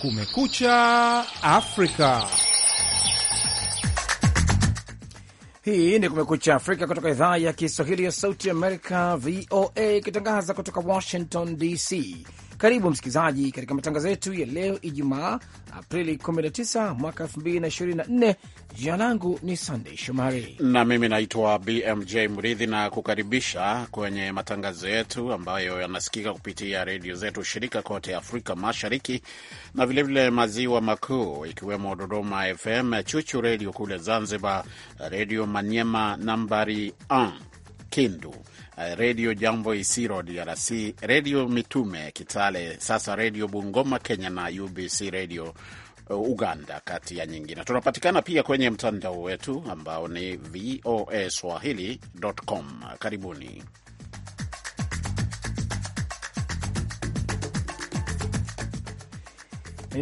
Kumekucha Afrika. Hii ni Kumekucha Afrika kutoka idhaa ya Kiswahili ya Sauti Amerika, VOA, ikitangaza kutoka Washington DC. Karibu msikilizaji katika matangazo yetu ya leo Ijumaa, Aprili 19 mwaka 2024. Jina langu ni Sandey Shomari na mimi naitwa BMJ Mridhi na kukaribisha kwenye matangazo yetu ambayo yanasikika kupitia redio zetu shirika kote Afrika Mashariki na vilevile vile maziwa makuu, ikiwemo Dodoma FM, Chuchu Redio kule Zanzibar, Redio Manyema nambari 1 Kindu Eh, Redio Jambo Isiro DRC, Redio Mitume Kitale, sasa Redio Bungoma Kenya na UBC Redio eh, Uganda, kati ya nyingine. Tunapatikana pia kwenye mtandao wetu ambao ni VOA Swahili.com. Karibuni.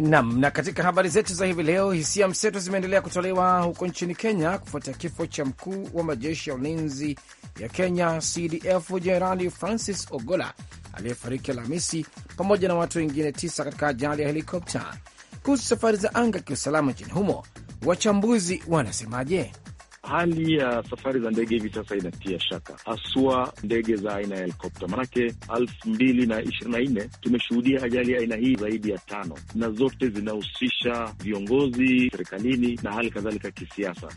Nam. Na katika habari zetu za hivi leo, hisia mseto zimeendelea kutolewa huko nchini Kenya kufuatia kifo cha mkuu wa majeshi ya ulinzi ya Kenya CDF Jenerali Francis Ogola aliyefariki Alhamisi pamoja na watu wengine tisa katika ajali ya helikopta. Kuhusu safari za anga kiusalama nchini humo, wachambuzi wanasemaje? Hali ya safari za ndege hivi sasa inatia shaka, haswa ndege za aina ya helikopta. Manake elfu mbili na ishirini na nne tumeshuhudia ajali ya aina hii zaidi ya tano, na zote zinahusisha viongozi serikalini na hali kadhalika kisiasa.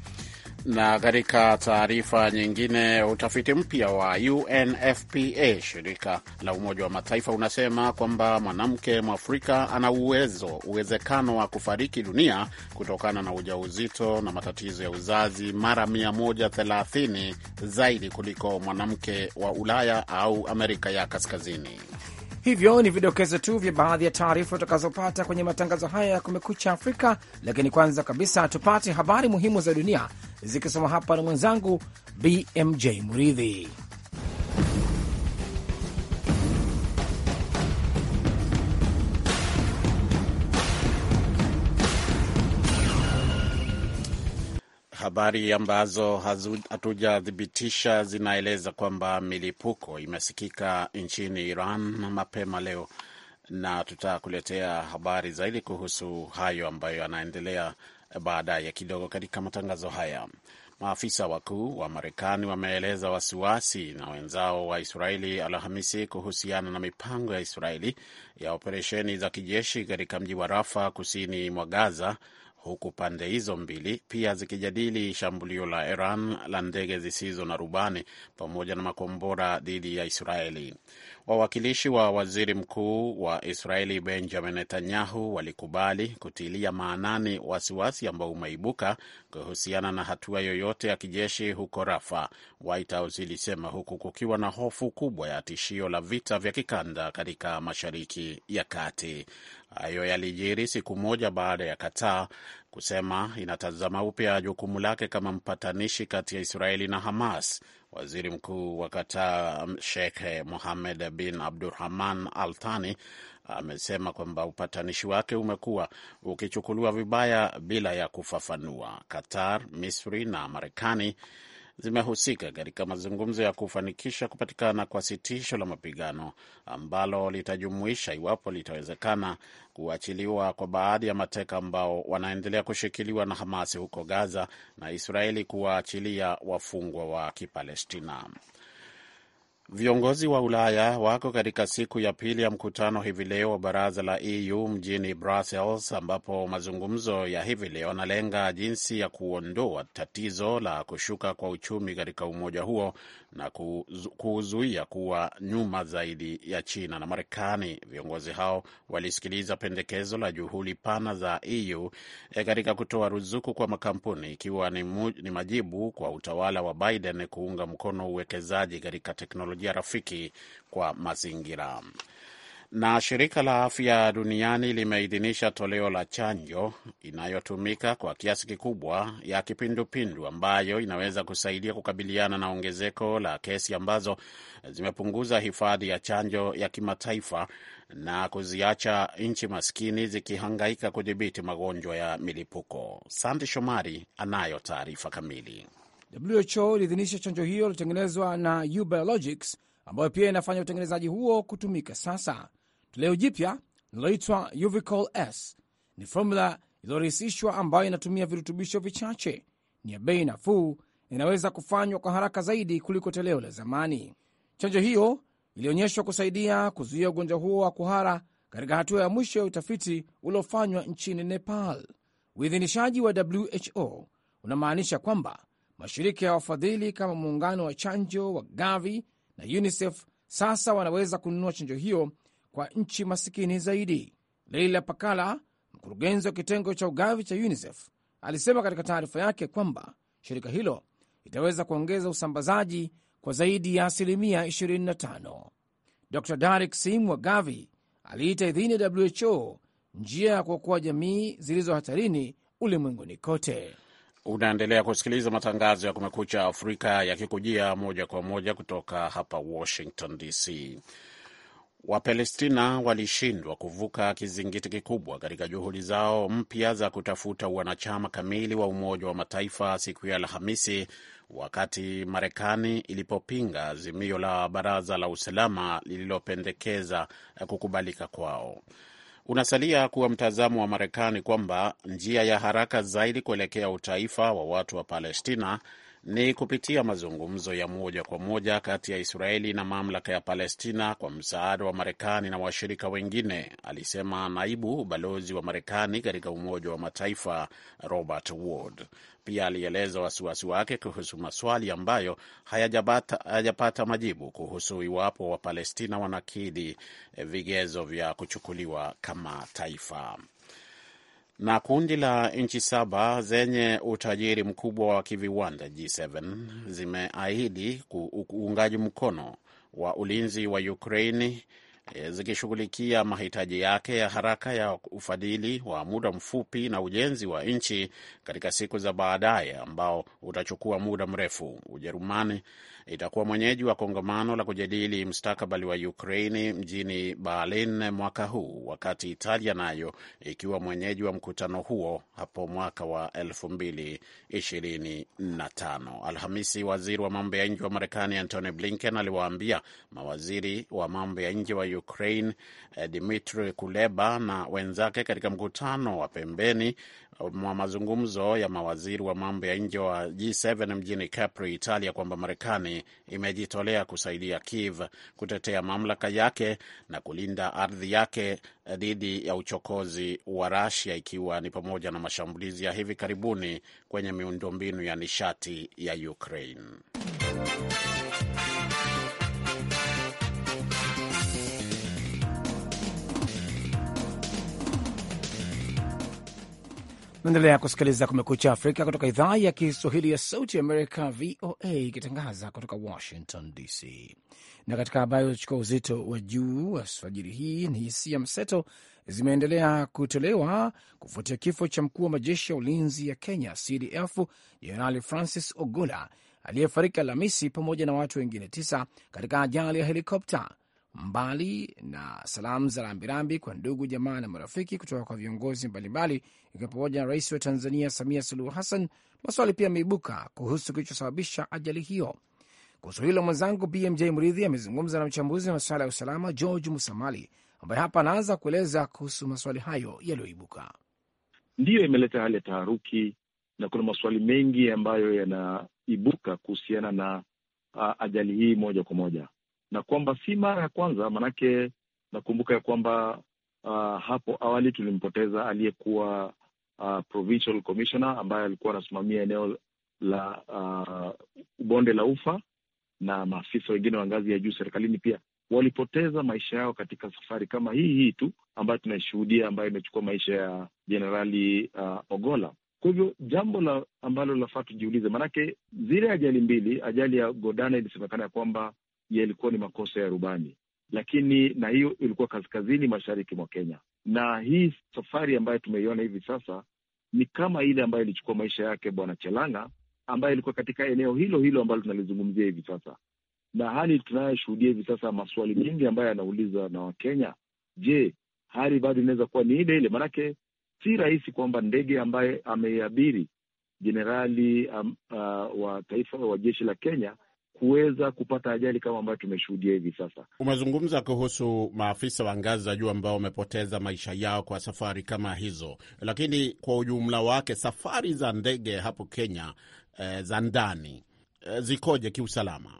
Na katika taarifa nyingine, utafiti mpya wa UNFPA, shirika la Umoja wa Mataifa, unasema kwamba mwanamke Mwafrika ana uwezo uwezekano wa kufariki dunia kutokana na ujauzito na matatizo ya uzazi mara 130 zaidi kuliko mwanamke wa Ulaya au Amerika ya Kaskazini. Hivyo ni vidokezo tu vya baadhi ya taarifa utakazopata kwenye matangazo haya ya Kumekucha Afrika, lakini kwanza kabisa tupate habari muhimu za dunia zikisoma hapa na mwenzangu BMJ Muridhi. habari ambazo hatujathibitisha zinaeleza kwamba milipuko imesikika nchini Iran mapema leo, na tutakuletea habari zaidi kuhusu hayo ambayo yanaendelea baadaye kidogo katika matangazo haya. Maafisa wakuu wa Marekani wameeleza wasiwasi na wenzao wa Israeli Alhamisi kuhusiana na mipango ya Israeli ya operesheni za kijeshi katika mji wa Rafa kusini mwa Gaza huku pande hizo mbili pia zikijadili shambulio la Iran la ndege zisizo na rubani pamoja na makombora dhidi ya Israeli. Wawakilishi wa waziri mkuu wa Israeli Benjamin Netanyahu walikubali kutilia maanani wasiwasi ambao umeibuka kuhusiana na hatua yoyote ya kijeshi huko Rafa, White House ilisema, huku kukiwa na hofu kubwa ya tishio la vita vya kikanda katika Mashariki ya Kati. Hayo yalijiri siku moja baada ya Qatar kusema inatazama upya jukumu lake kama mpatanishi kati ya Israeli na Hamas. Waziri Mkuu wa Qatar um, Sheikh Mohammed bin Abdurrahman Al Thani amesema kwamba upatanishi wake umekuwa ukichukuliwa vibaya bila ya kufafanua. Qatar, Misri na Marekani zimehusika katika mazungumzo ya kufanikisha kupatikana kwa sitisho la mapigano ambalo litajumuisha, iwapo litawezekana, kuachiliwa kwa baadhi ya mateka ambao wanaendelea kushikiliwa na Hamasi huko Gaza na Israeli kuwaachilia wafungwa wa Kipalestina. Viongozi wa Ulaya wako katika siku ya pili ya mkutano hivi leo wa baraza la EU mjini Brussels, ambapo mazungumzo ya hivi leo yanalenga jinsi ya kuondoa tatizo la kushuka kwa uchumi katika umoja huo na kuzuia kuwa nyuma zaidi ya China na Marekani. Viongozi hao walisikiliza pendekezo la juhudi pana za EU e, katika kutoa ruzuku kwa makampuni ikiwa ni, ni majibu kwa utawala wa Biden kuunga mkono uwekezaji katika teknolojia rafiki kwa mazingira. Na shirika la afya duniani limeidhinisha toleo la chanjo inayotumika kwa kiasi kikubwa ya kipindupindu ambayo inaweza kusaidia kukabiliana na ongezeko la kesi ambazo zimepunguza hifadhi ya chanjo ya kimataifa na kuziacha nchi maskini zikihangaika kudhibiti magonjwa ya milipuko. Sande Shomari anayo taarifa kamili. WHO iliidhinisha chanjo hiyo iliyotengenezwa na ubiologics ambayo pia inafanya utengenezaji huo kutumika sasa Toleo jipya linaloitwa Uvicol S ni fomula iliyorahisishwa ambayo inatumia virutubisho vichache, ni ya bei nafuu, inaweza kufanywa kwa haraka zaidi kuliko toleo la zamani. Chanjo hiyo ilionyeshwa kusaidia kuzuia ugonjwa huo wa kuhara katika hatua ya mwisho ya utafiti uliofanywa nchini Nepal. Uidhinishaji wa WHO unamaanisha kwamba mashirika ya wafadhili kama muungano wa chanjo wa Gavi na UNICEF sasa wanaweza kununua chanjo hiyo kwa nchi masikini zaidi. Leila Pakala, mkurugenzi wa kitengo cha ugavi cha UNICEF, alisema katika taarifa yake kwamba shirika hilo itaweza kuongeza usambazaji kwa zaidi ya asilimia 25. Dr Darik Sim wa Gavi aliita idhini ya WHO njia ya kuokoa jamii zilizo hatarini ulimwenguni kote. Unaendelea kusikiliza matangazo ya Kumekucha Afrika yakikujia moja kwa moja kutoka hapa Washington DC. Wapalestina walishindwa kuvuka kizingiti kikubwa katika juhudi zao mpya za kutafuta wanachama kamili wa Umoja wa Mataifa siku ya Alhamisi, wakati Marekani ilipopinga azimio la Baraza la Usalama lililopendekeza kukubalika kwao. Unasalia kuwa mtazamo wa Marekani kwamba njia ya haraka zaidi kuelekea utaifa wa watu wa Palestina ni kupitia mazungumzo ya moja kwa moja kati ya Israeli na mamlaka ya Palestina kwa msaada wa Marekani na washirika wengine, alisema naibu balozi wa Marekani katika Umoja wa Mataifa Robert Ward. Pia alieleza wasiwasi wake kuhusu maswali ambayo hayajapata majibu kuhusu iwapo Wapalestina wanakidhi vigezo vya kuchukuliwa kama taifa na kundi la nchi saba zenye utajiri mkubwa wa kiviwanda G7 zimeahidi uungaji mkono wa ulinzi wa Ukraini e, zikishughulikia mahitaji yake ya haraka ya ufadhili wa muda mfupi na ujenzi wa nchi katika siku za baadaye ambao utachukua muda mrefu. Ujerumani itakuwa mwenyeji wa kongamano la kujadili mstakabali wa Ukraini mjini Berlin mwaka huu, wakati Italia nayo ikiwa mwenyeji wa mkutano huo hapo mwaka wa 2025. Alhamisi, waziri wa mambo ya nje wa Marekani Antony Blinken aliwaambia mawaziri wa mambo ya nje wa Ukraine eh, Dmitri Kuleba na wenzake katika mkutano wa pembeni eh, mwa mazungumzo ya mawaziri wa mambo ya nje wa G7 mjini Capri, Italia, kwamba Marekani Marekani imejitolea kusaidia Kiev kutetea mamlaka yake na kulinda ardhi yake dhidi ya uchokozi wa Rasia, ikiwa ni pamoja na mashambulizi ya hivi karibuni kwenye miundombinu ya nishati ya Ukraine. Naendelea kusikiliza Kumekucha Afrika kutoka idhaa ya Kiswahili ya Sauti Amerika, VOA, ikitangaza kutoka Washington DC. Na katika habari zilizochukua uzito wa juu alfajiri hii ni hisia mseto zimeendelea kutolewa kufuatia kifo cha mkuu wa majeshi ya ulinzi ya Kenya CDF Jenerali Francis Ogola aliyefariki Alhamisi pamoja na watu wengine tisa katika ajali ya helikopta mbali na salamu za rambirambi kwa ndugu jamaa na marafiki kutoka kwa viongozi mbalimbali, ikiwa pamoja na rais wa Tanzania Samia Suluhu Hassan, maswali pia yameibuka kuhusu kilichosababisha ajali hiyo. Kuhusu hilo, mwenzangu BMJ Mridhi amezungumza na mchambuzi wa masuala ya usalama George Musamali, ambaye hapa anaanza kueleza kuhusu maswali hayo yaliyoibuka. Ndiyo imeleta hali ya taharuki na kuna maswali mengi ambayo yanaibuka kuhusiana na ajali hii moja kwa moja na kwamba si mara ya kwanza, manake nakumbuka ya kwamba uh, hapo awali tulimpoteza aliyekuwa uh, provincial commissioner ambaye alikuwa anasimamia eneo la uh, bonde la ufa na maafisa wengine wa ngazi ya juu serikalini pia walipoteza maisha yao katika safari kama hii hii tu ambayo tunaishuhudia, ambayo imechukua maisha ya jenerali uh, Ogola. Kwa hivyo jambo la ambalo linafaa tujiulize, maanake zile ajali mbili, ajali ya Godana ilisemekana ya kwamba yalikuwa ni makosa ya rubani, lakini na hiyo ilikuwa kaskazini mashariki mwa Kenya. Na hii safari ambayo tumeiona hivi sasa ni kama ile ambayo ilichukua maisha yake Bwana Chelanga ambaye ilikuwa katika eneo hilo hilo ambalo tunalizungumzia hivi sasa, na hali tunayoshuhudia hivi sasa, maswali mengi ambayo yanaulizwa na Wakenya. Je, hali bado inaweza kuwa ni ile ile? Maanake si rahisi kwamba ndege ambaye ameiabiri jenerali um, uh, wa taifa wa jeshi la Kenya kuweza kupata ajali kama ambayo tumeshuhudia hivi sasa. Umezungumza kuhusu maafisa wa ngazi za juu ambao wamepoteza maisha yao kwa safari kama hizo, lakini kwa ujumla wake safari za ndege hapo Kenya e, za ndani e, zikoje kiusalama?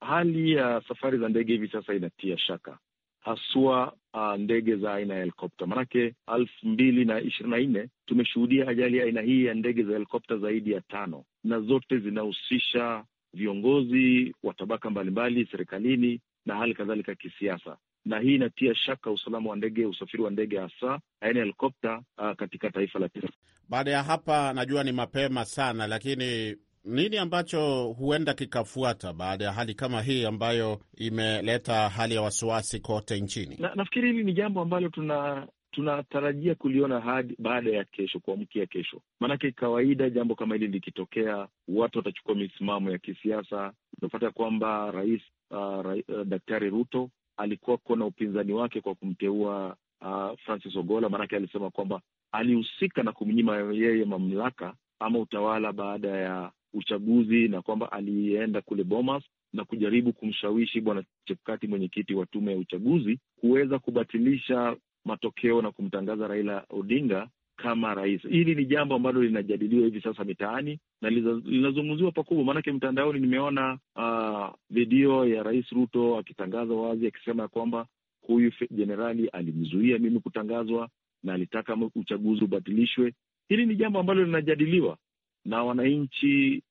Hali ya uh, safari za ndege hivi sasa inatia shaka haswa uh, ndege za aina ya helikopta. Manake elfu mbili na ishirini na nne tumeshuhudia ajali aina hii ya ndege za helikopta zaidi ya tano, na zote zinahusisha viongozi wa tabaka mbalimbali serikalini na hali kadhalika kisiasa, na hii inatia shaka usalama wa ndege, usafiri wa ndege, hasa aina helikopta ah, katika taifa la Tanzania. Baada ya hapa, najua ni mapema sana, lakini nini ambacho huenda kikafuata baada ya hali kama hii ambayo imeleta hali ya wasiwasi kote nchini? Na, nafikiri hili ni jambo ambalo tuna tunatarajia kuliona hadi baada ya kesho, kuamkia kesho. Maanake kawaida jambo kama hili likitokea, watu watachukua misimamo ya kisiasa. Unapata kwamba rais uh, ra, uh, Daktari Ruto alikuwa na upinzani wake kwa kumteua uh, Francis Ogola, maanake alisema kwamba alihusika na kumnyima yeye mamlaka ama utawala baada ya uchaguzi na kwamba alienda kule Bomas na kujaribu kumshawishi bwana Chepkati, mwenyekiti wa tume ya uchaguzi, kuweza kubatilisha matokeo na kumtangaza Raila Odinga kama rais. Hili ni jambo ambalo linajadiliwa hivi sasa mitaani na linazungumziwa pakubwa, maanake mtandaoni nimeona uh, video ya Rais Ruto akitangaza wazi akisema ya kwamba huyu jenerali alimzuia mimi kutangazwa na alitaka uchaguzi ubatilishwe. Hili ni jambo ambalo linajadiliwa na wananchi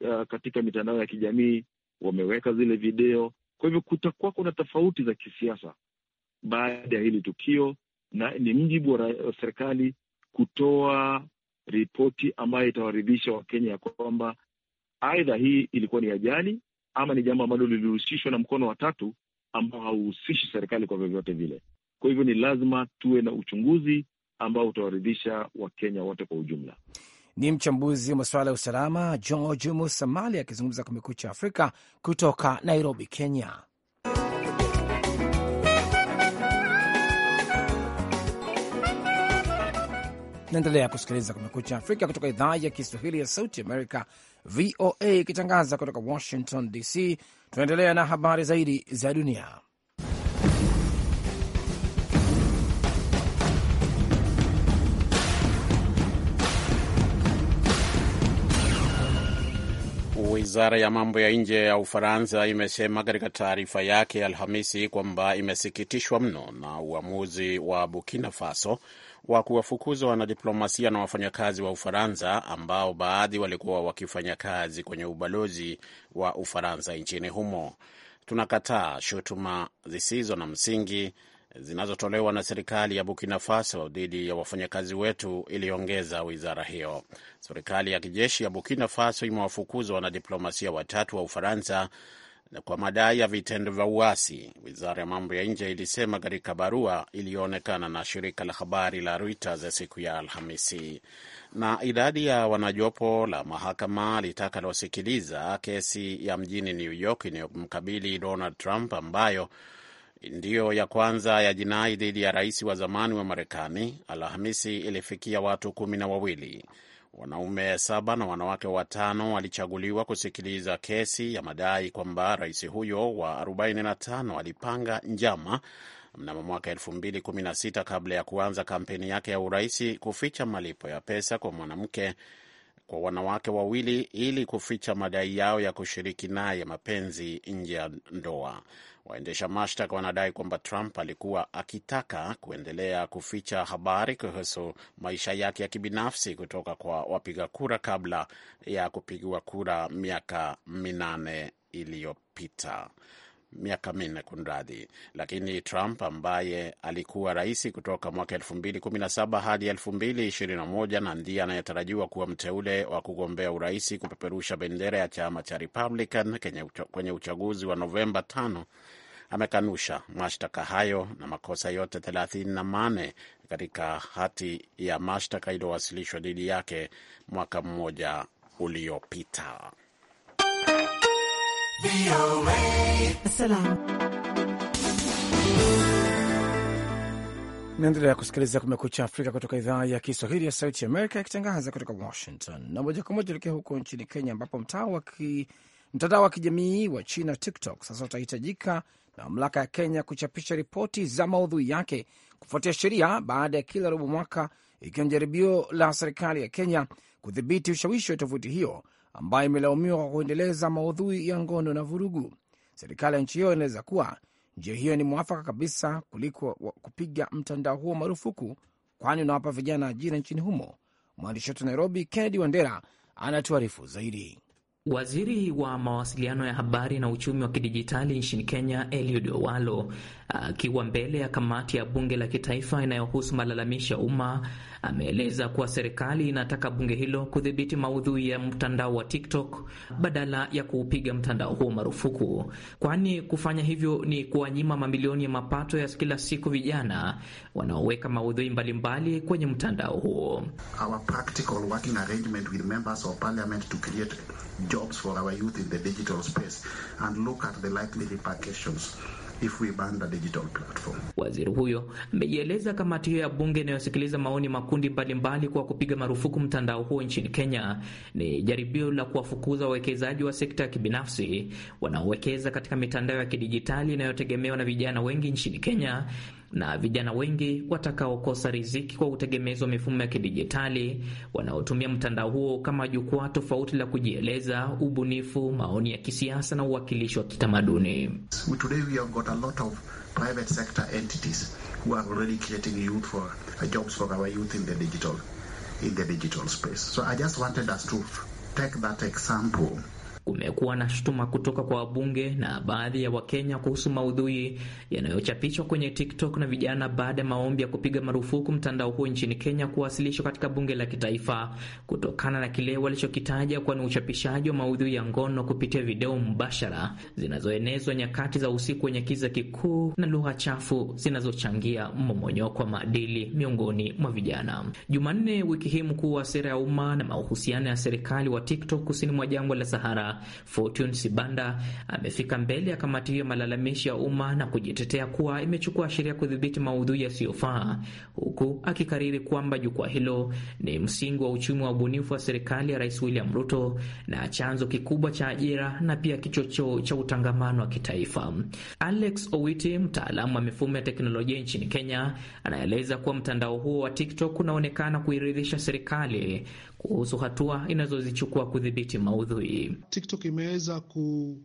uh, katika mitandao ya kijamii wameweka zile video. Kwa hivyo kutakuwa kuna tofauti za kisiasa baada ya hili tukio, na ni mjibu wa serikali kutoa ripoti ambayo itawaridhisha Wakenya ya kwamba aidha hii ilikuwa ni ajali ama ni jambo ambalo lilihusishwa na mkono wa tatu ambao hauhusishi serikali kwa vyovyote vile. Kwa hivyo ni lazima tuwe na uchunguzi ambao utawaridhisha Wakenya wote kwa ujumla. Ni mchambuzi wa masuala ya usalama George Musamali akizungumza Kumekucha Afrika kutoka Nairobi, Kenya. Naendelea kusikiliza Kumekucha Afrika kutoka idhaa ya Kiswahili ya Sauti Amerika, VOA, ikitangaza kutoka Washington DC. Tunaendelea na habari zaidi za dunia. Wizara ya mambo ya nje ya Ufaransa imesema katika taarifa yake Alhamisi kwamba imesikitishwa mno na uamuzi wa Burkina Faso wa kuwafukuza wanadiplomasia na wafanyakazi wa Ufaransa ambao baadhi walikuwa wakifanya kazi kwenye ubalozi wa Ufaransa nchini humo. Tunakataa shutuma zisizo na msingi zinazotolewa na serikali ya Burkina Faso dhidi ya wafanyakazi wetu, iliongeza wizara hiyo. Serikali ya kijeshi ya Burkina Faso imewafukuza wanadiplomasia watatu wa Ufaransa kwa madai ya vitendo vya uasi, wizara ya mambo ya nje ilisema katika barua iliyoonekana na shirika la habari la Reuters siku ya Alhamisi. Na idadi ya wanajopo la mahakama litakalosikiliza kesi ya mjini New York inayomkabili Donald Trump ambayo ndiyo ya kwanza ya jinai dhidi ya rais wa zamani wa Marekani, Alhamisi ilifikia watu kumi na wawili wanaume saba na wanawake watano walichaguliwa kusikiliza kesi ya madai kwamba rais huyo wa 45 alipanga njama mnamo mwaka 2016 kabla ya kuanza kampeni yake ya uraisi kuficha malipo ya pesa kwa mwanamke kwa wanawake wawili ili kuficha madai yao ya kushiriki naye mapenzi nje ya ndoa. Waendesha mashtaka wanadai kwamba Trump alikuwa akitaka kuendelea kuficha habari kuhusu maisha yake ya kibinafsi kutoka kwa wapiga kura kabla ya kupigiwa kura miaka minane iliyopita miaka minne kunradhi. Lakini Trump ambaye alikuwa rais kutoka mwaka 217 hadi 221 na ndiye anayetarajiwa kuwa mteule wa kugombea urais kupeperusha bendera ya chama cha Republican kwenye uchaguzi wa Novemba 5 amekanusha mashtaka hayo na makosa yote 38 katika hati ya mashtaka iliyowasilishwa dhidi yake mwaka mmoja uliopita. Naendelea kusikiliza Kumekucha Afrika kutoka idhaa ya Kiswahili ya Sauti Amerika ikitangaza kutoka Washington na moja kwa moja tuelekea huko nchini Kenya, ambapo mtandao wa kijamii wa China TikTok sasa utahitajika na mamlaka ya Kenya kuchapisha ripoti za maudhui yake kufuatia sheria baada ya kila robo mwaka, ikiwa ni jaribio la serikali ya Kenya kudhibiti ushawishi wa tovuti hiyo ambayo imelaumiwa kwa kuendeleza maudhui ya ngono na vurugu. Serikali ya nchi hiyo inaeleza kuwa njia hiyo ni mwafaka kabisa kuliko kupiga mtandao huo marufuku, kwani unawapa vijana ajira nchini humo. Mwandishi wetu Nairobi, Kennedy Wandera, anatuarifu zaidi. Waziri wa mawasiliano ya habari na uchumi wa kidijitali nchini Kenya, Eliud Owalo, Akiwa mbele ya kamati ya bunge la kitaifa inayohusu malalamisho ya umma, ameeleza kuwa serikali inataka bunge hilo kudhibiti maudhui ya mtandao wa TikTok badala ya kuupiga mtandao huo marufuku, kwani kufanya hivyo ni kuwanyima mamilioni ya mapato ya kila siku vijana wanaoweka maudhui mbalimbali mbali kwenye mtandao huo. Our if we ban the digital platform. Waziri huyo ameieleza kamati hiyo ya bunge inayosikiliza maoni makundi mbalimbali kwa kupiga marufuku mtandao huo nchini Kenya ni jaribio la kuwafukuza wawekezaji wa sekta ya kibinafsi wanaowekeza katika mitandao ya kidijitali inayotegemewa na vijana wengi nchini Kenya na vijana wengi watakaokosa riziki kwa utegemezi wa mifumo ya kidijitali wanaotumia mtandao huo kama jukwaa tofauti la kujieleza, ubunifu, maoni ya kisiasa na uwakilishi wa kitamaduni. So I just wanted us to take that example. Kumekuwa na shutuma kutoka kwa wabunge na baadhi ya Wakenya kuhusu maudhui yanayochapishwa kwenye TikTok na vijana baada ya maombi ya kupiga marufuku mtandao huo nchini Kenya kuwasilishwa katika bunge la kitaifa kutokana na kile walichokitaja kuwa ni uchapishaji wa maudhui ya ngono kupitia video mbashara zinazoenezwa nyakati za usiku wenye kiza kikuu na lugha chafu zinazochangia mmomonyoko wa maadili miongoni mwa vijana. Jumanne wiki hii, mkuu wa sera ya umma na mahusiano ya serikali wa TikTok kusini mwa jangwa la Sahara Fortune Sibanda amefika mbele ya kamati hiyo malalamishi ya umma na kujitetea kuwa imechukua sheria kudhibiti maudhui yasiyofaa, huku akikariri kwamba jukwaa hilo ni msingi wa uchumi wa ubunifu wa serikali ya Rais William Ruto na chanzo kikubwa cha ajira na pia kichocheo cha utangamano wa kitaifa. Alex Owiti, mtaalamu wa mifumo ya teknolojia nchini Kenya, anaeleza kuwa mtandao huo wa TikTok unaonekana kuiridhisha serikali kuhusu hatua inazozichukua kudhibiti maudhui. TikTok imeweza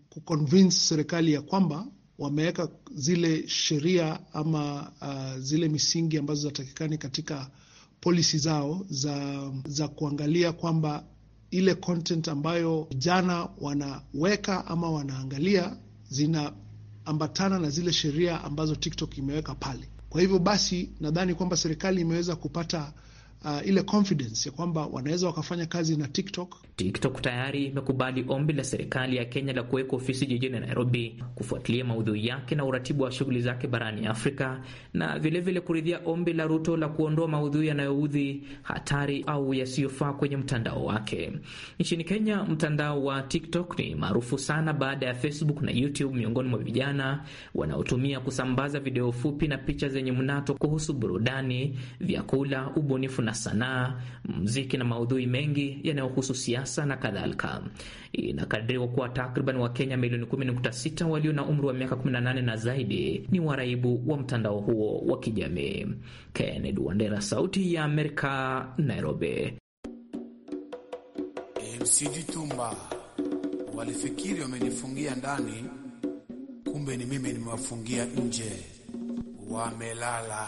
kuconvince serikali ya kwamba wameweka zile sheria ama uh, zile misingi ambazo zinatakikani katika polisi zao za, za kuangalia kwamba ile content ambayo vijana wanaweka ama wanaangalia zinaambatana na zile sheria ambazo TikTok imeweka pale. Kwa hivyo basi, nadhani kwamba serikali imeweza kupata Uh, ile confidence ya kwamba wanaweza wakafanya kazi na TikTok. TikTok tayari imekubali ombi la serikali ya Kenya la kuweka ofisi jijini Nairobi kufuatilia maudhui yake na uratibu wa shughuli zake barani Afrika na vilevile kuridhia ombi la Ruto la kuondoa maudhui yanayoudhi, hatari au yasiyofaa kwenye mtandao wake. Nchini Kenya, mtandao wa TikTok ni maarufu sana baada ya Facebook na YouTube miongoni mwa vijana wanaotumia kusambaza video fupi na picha zenye mnato kuhusu burudani, vyakula, ubunifu na sanaa, mziki na maudhui mengi yanayohusu siasa na kadhalika. Inakadiriwa kuwa takriban Wakenya milioni 10.6 walio na umri wa miaka 18 na zaidi ni waraibu wa mtandao huo wa kijamii. Kennedy Wandera, Sauti ya Amerika, Nairobi. MCD walifikiri wamenifungia ndani, kumbe ni mimi nimewafungia nje, wamelala.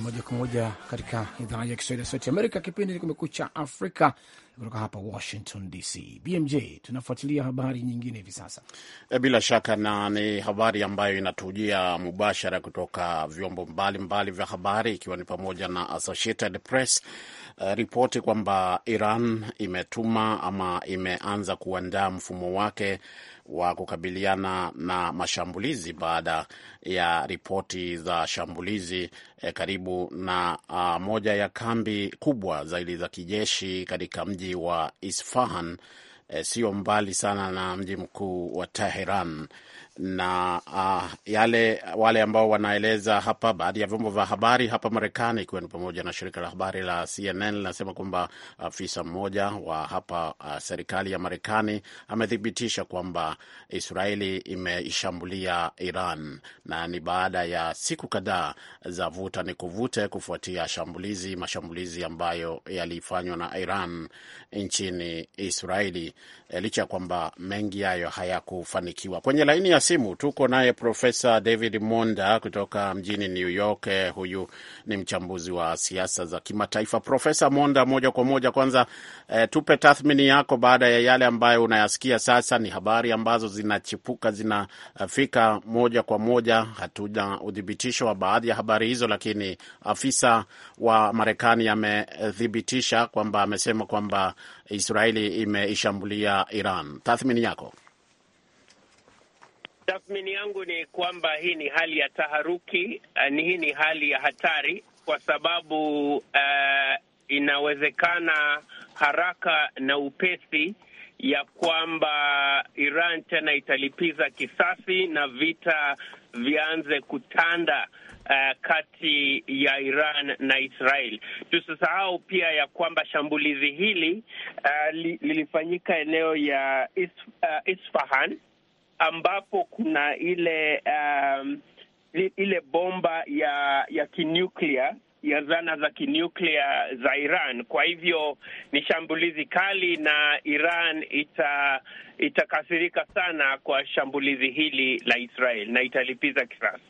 moja kwa moja katika idhaa ya Kiswahili ya Sauti Amerika, kipindi ni Kumekucha Afrika kutoka hapa Washington DC. BMJ, tunafuatilia habari nyingine hivi sasa eh, bila shaka, na ni habari ambayo inatujia mubashara kutoka vyombo mbalimbali mbali vya habari, ikiwa ni pamoja na Associated Press. Uh, ripoti kwamba Iran imetuma ama imeanza kuandaa mfumo wake wa kukabiliana na mashambulizi baada ya ripoti za shambulizi eh, karibu na uh, moja ya kambi kubwa zaidi za kijeshi katika mji mji wa Isfahan, e, sio mbali sana na mji mkuu wa Teheran na uh, yale wale ambao wanaeleza hapa, baadhi ya vyombo vya habari hapa Marekani, ikiwa ni pamoja na shirika la habari la CNN linasema kwamba afisa uh, mmoja wa hapa uh, serikali ya Marekani amethibitisha kwamba Israeli imeishambulia Iran, na ni baada ya siku kadhaa za vuta ni kuvute kufuatia shambulizi mashambulizi ambayo yalifanywa na Iran nchini Israeli, eh, licha ya kwamba mengi hayo hayakufanikiwa. Kwenye laini ya simu tuko naye Profesa David Monda kutoka mjini New York. Eh, huyu ni mchambuzi wa siasa za kimataifa. Profesa Monda, moja kwa moja, kwanza eh, tupe tathmini yako baada ya yale ambayo unayasikia sasa. Ni habari ambazo zinachipuka, zinafika moja kwa moja, hatuna uthibitisho wa baadhi ya habari hizo, lakini afisa wa Marekani amethibitisha kwamba, amesema kwamba Israeli imeishambulia Iran. Tathmini yako? Tathmini yangu ni kwamba hii ni hali ya taharuki, eh, ni hii ni hali ya hatari kwa sababu uh, inawezekana haraka na upesi ya kwamba Iran tena italipiza kisasi na vita vianze kutanda uh, kati ya Iran na Israel. Tusisahau pia ya kwamba shambulizi hili uh, li, lilifanyika eneo ya Is, uh, Isfahan ambapo kuna ile um, ile bomba ya ya kinuklia ya zana za kinuklia za Iran. Kwa hivyo ni shambulizi kali, na Iran ita itakasirika sana kwa shambulizi hili la Israel na italipiza kisasi.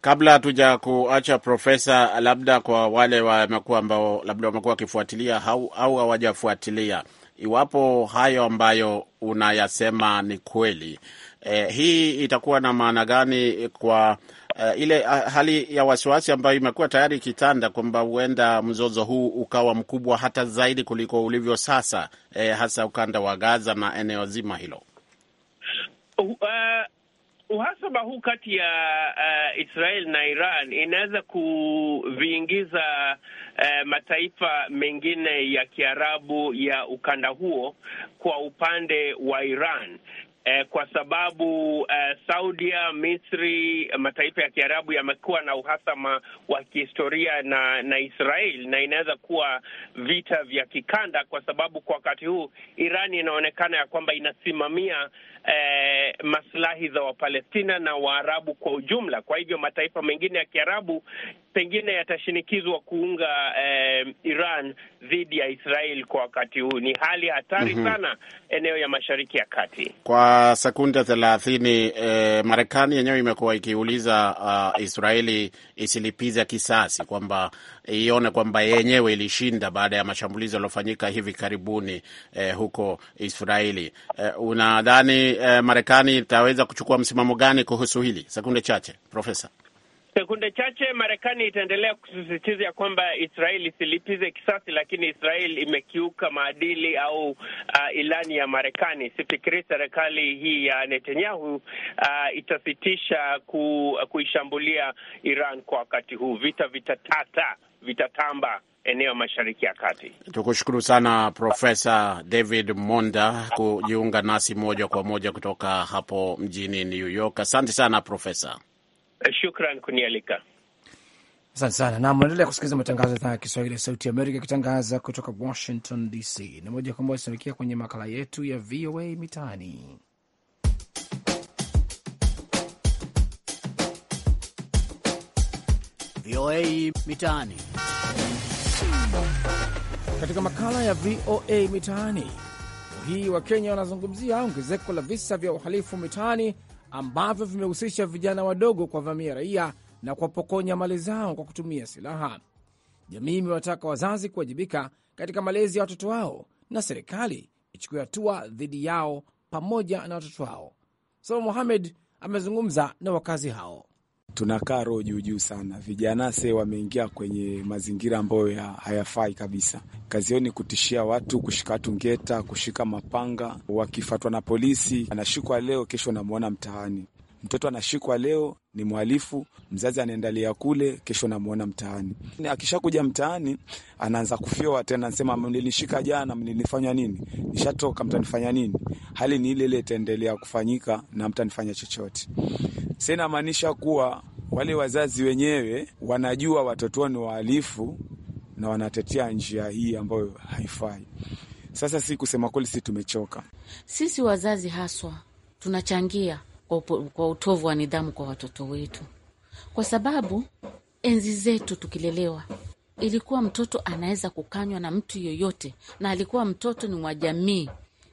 Kabla hatuja kuacha Profesa, labda kwa wale wamekuwa ambao labda wamekuwa wakifuatilia au hawajafuatilia, iwapo hayo ambayo unayasema ni kweli, eh, hii itakuwa na maana gani kwa uh, ile uh, hali ya wasiwasi ambayo imekuwa tayari ikitanda kwamba huenda mzozo huu ukawa mkubwa hata zaidi kuliko ulivyo sasa, eh, hasa ukanda wa Gaza na eneo zima hilo. Uh, uhasaba huu kati ya uh, Israel na Iran inaweza kuviingiza uh, mataifa mengine ya Kiarabu ya ukanda huo kwa upande wa Iran eh, kwa sababu eh, Saudia, Misri, mataifa ya Kiarabu yamekuwa na uhasama wa kihistoria na na Israel, na inaweza kuwa vita vya kikanda, kwa sababu kwa wakati huu Irani inaonekana ya kwamba inasimamia eh, maslahi za Wapalestina na Waarabu kwa ujumla. Kwa hivyo mataifa mengine ya Kiarabu pengine yatashinikizwa kuunga eh, Iran dhidi ya Israel kwa wakati huu. Ni hali hatari mm -hmm. sana eneo ya Mashariki ya Kati. Kwa sekunde thelathini, eh, Marekani yenyewe imekuwa ikiuliza uh, Israeli isilipiza kisasi kwamba ione kwamba yenyewe ilishinda baada ya mashambulizi yaliyofanyika hivi karibuni eh, huko Israeli. Eh, unadhani eh, Marekani itaweza kuchukua msimamo gani kuhusu hili? Sekunde chache, Profesa. Sekunde chache. Marekani itaendelea kusisitiza ya kwamba Israeli isilipize kisasi, lakini Israeli imekiuka maadili au uh, ilani ya Marekani. Sifikiri serikali hii ya Netanyahu uh, itasitisha ku, kuishambulia Iran kwa wakati huu. Vita vitatata vitatamba eneo Mashariki ya Kati. Tukushukuru sana Profesa David Monda kujiunga nasi moja kwa moja kutoka hapo mjini New York. Asante sana Profesa, eh, shukran kunialika. Asante sana na mwendelea kusikiliza matangazo ya idhaa ya Kiswahili ya Sauti Amerika ikitangaza kutoka Washington DC, na moja kwa moja tunaelekea kwenye makala yetu ya VOA Mitaani. VOA Mitaani. Katika makala ya VOA Mitaani hii, wa kenya wanazungumzia ongezeko la visa vya uhalifu mitaani ambavyo vimehusisha vijana wadogo kuwavamia raia na kuwapokonya mali zao kwa kutumia silaha. Jamii imewataka wazazi kuwajibika katika malezi ya watoto wao na serikali ichukue hatua dhidi yao pamoja na watoto wao. Salma Mohamed amezungumza na wakazi hao tunakaa roho juu juu sana. se wameingia kwenye mazingira ambayo hayafai kabisa. Kazi yao ni kutishia watu, kushika watu ngeta, kushika mapanga. Wakifatwa na polisi, anashikwa leo, kesho namwona mtaani. Mtoto anashikwa leo ni mhalifu, mzazi anaendalia kule, kesho namwona mtaani. Akishakuja mtaani anaanza kufyoa tena, anasema mlinishika jana, mlinifanya nini? Nishatoka, mtanifanya nini? Hali ni ile ile, itaendelea kufanyika na mtanifanya chochote. Sasa inamaanisha kuwa wale wazazi wenyewe wanajua watoto ni wahalifu na wanatetea njia hii ambayo haifai. Sasa si kusema kweli, si tumechoka sisi wazazi haswa tunachangia kwa, upo, kwa utovu wa nidhamu kwa watoto wetu, kwa sababu enzi zetu tukilelewa ilikuwa mtoto anaweza kukanywa na mtu yoyote, na alikuwa mtoto ni wa jamii,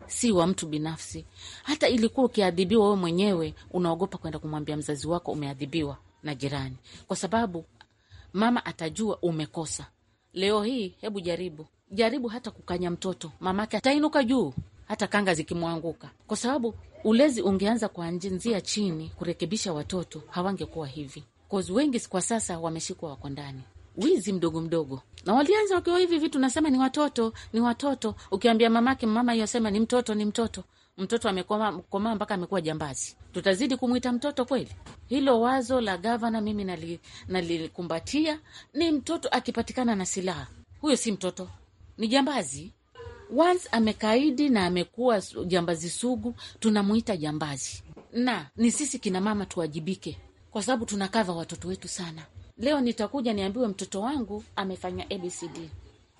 si wa mtu binafsi. Hata ilikuwa ukiadhibiwa wewe mwenyewe unaogopa kwenda kumwambia mzazi wako umeadhibiwa na jirani, kwa sababu mama atajua umekosa. Leo hii, hebu jaribu jaribu hata kukanya mtoto, mamake atainuka juu hata kanga zikimwanguka, kwa sababu ulezi ungeanza kwa njia chini kurekebisha watoto hawangekuwa hivi. Kozi wengi kwa sasa wameshikwa, wako ndani wizi mdogo mdogo, na walianza wakiwa hivi vitu. Nasema ni watoto, ni watoto. Ukiambia mamake, mama hiyo sema ni mtoto, ni mtoto. Mtoto amekomaa mpaka amekuwa jambazi, tutazidi kumwita mtoto kweli? Hilo wazo la gavana mimi nalikumbatia, nali, Ni mtoto akipatikana na silaha, huyo si mtoto, ni jambazi. Once amekaidi na amekuwa jambazi sugu, tunamuita jambazi, na ni sisi kina mama tuwajibike, kwa sababu tunakava watoto wetu sana. Leo nitakuja niambiwe mtoto wangu amefanya ABCD.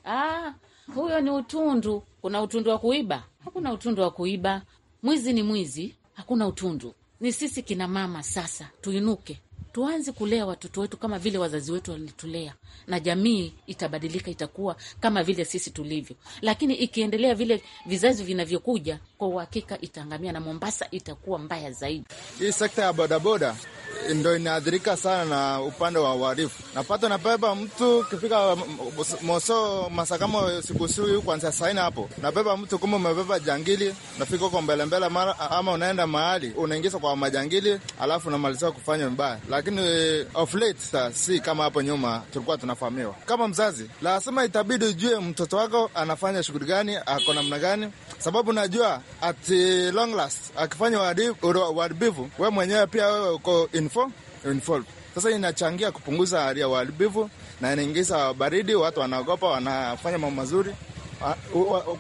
Ah, huyo ni utundu. Kuna utundu wa kuiba? Hakuna utundu wa kuiba. Mwizi ni mwizi, hakuna utundu. Ni sisi kina mama sasa tuinuke, tuanze kulea watoto wetu kama vile wazazi wetu walitulea, na jamii itabadilika, itakuwa kama vile sisi tulivyo. Lakini ikiendelea vile vizazi vinavyokuja, kwa uhakika itaangamia na Mombasa itakuwa mbaya zaidi. Hii sekta ya bodaboda ndo inaathirika sana na upande wa uharifu. Napata nabeba mtu kifika moso masakamo sikusui kwanzia saini hapo, nabeba mtu kumbe umebeba jangili, nafika huko mbelembele, ama unaenda mahali unaingiza kwa majangili, alafu unamalizia kufanya mbaya lakini eh, of late sa si kama hapo nyuma tulikuwa tunafahamiwa. Kama mzazi lazima itabidi ujue mtoto wako anafanya shughuli gani, ako namna gani, sababu najua at eh, long last akifanya uharibifu, we mwenyewe pia wewe uko info involved. Sasa inachangia kupunguza hali ya uharibifu na inaingiza baridi, watu wanaogopa, wanafanya mambo mazuri. Ah,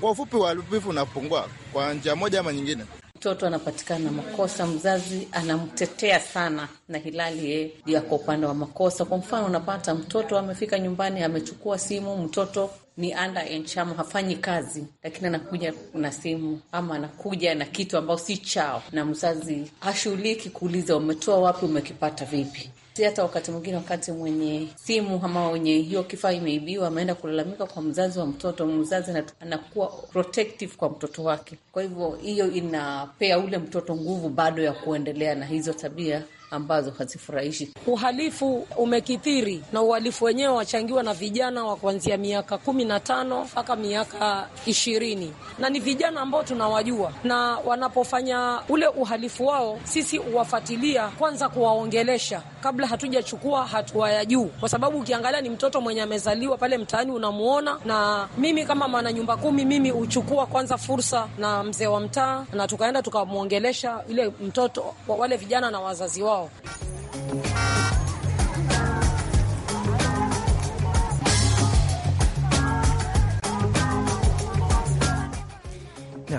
kwa ufupi, uharibifu unapungua kwa njia moja ama nyingine mtoto anapatikana na makosa, mzazi anamtetea sana, na hilali yeye ya ako upande wa makosa. Kwa mfano, unapata mtoto amefika nyumbani, amechukua simu, mtoto ni anda enchamo hafanyi kazi, lakini anakuja na simu ama anakuja na kitu ambao si chao, na mzazi hashughuliki kuuliza umetoa wapi, umekipata vipi si hata wakati mwingine, wakati mwenye simu ama wenye hiyo kifaa imeibiwa, ameenda kulalamika kwa mzazi wa mtoto, mzazi anakuwa protective kwa mtoto wake. Kwa hivyo hiyo inapea ule mtoto nguvu bado ya kuendelea na hizo tabia ambazo hazifurahishi. Uhalifu umekithiri na uhalifu wenyewe wachangiwa na vijana wa kuanzia miaka kumi na tano mpaka miaka ishirini na ni vijana ambao tunawajua, na wanapofanya ule uhalifu wao sisi huwafuatilia kwanza, kuwaongelesha kabla hatujachukua hatua ya juu, kwa sababu ukiangalia ni mtoto mwenye amezaliwa pale mtaani unamwona na mimi kama mwana nyumba kumi, mimi huchukua kwanza fursa na mzee wa mtaa na tukaenda tukamwongelesha ile mtoto, wale vijana na wazazi wao kwao.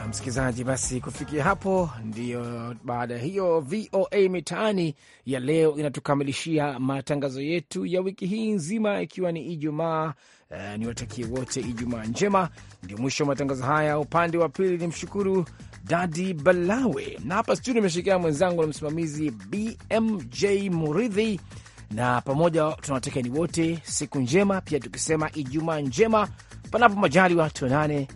msikilizaji, basi kufikia hapo ndiyo, baada ya hiyo VOA Mitaani ya leo inatukamilishia matangazo yetu ya wiki hii nzima, ikiwa ni Ijumaa. Uh, niwatakie wote Ijumaa njema. Ndio mwisho wa matangazo haya. Upande wa pili ni mshukuru Dadi Balawe, na hapa studio imeshirikiana mwenzangu na msimamizi BMJ Muridhi, na pamoja tunawatekeni wote siku njema, pia tukisema Ijumaa njema, panapo majaliwa nane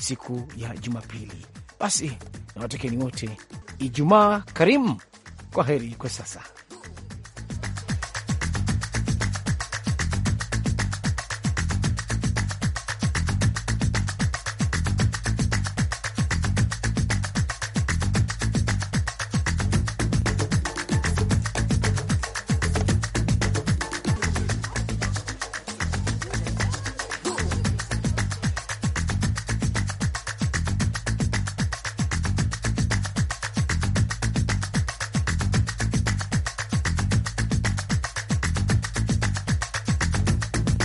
siku ya Jumapili. Basi nawatekeni wote Ijumaa karimu. Kwa heri kwa sasa.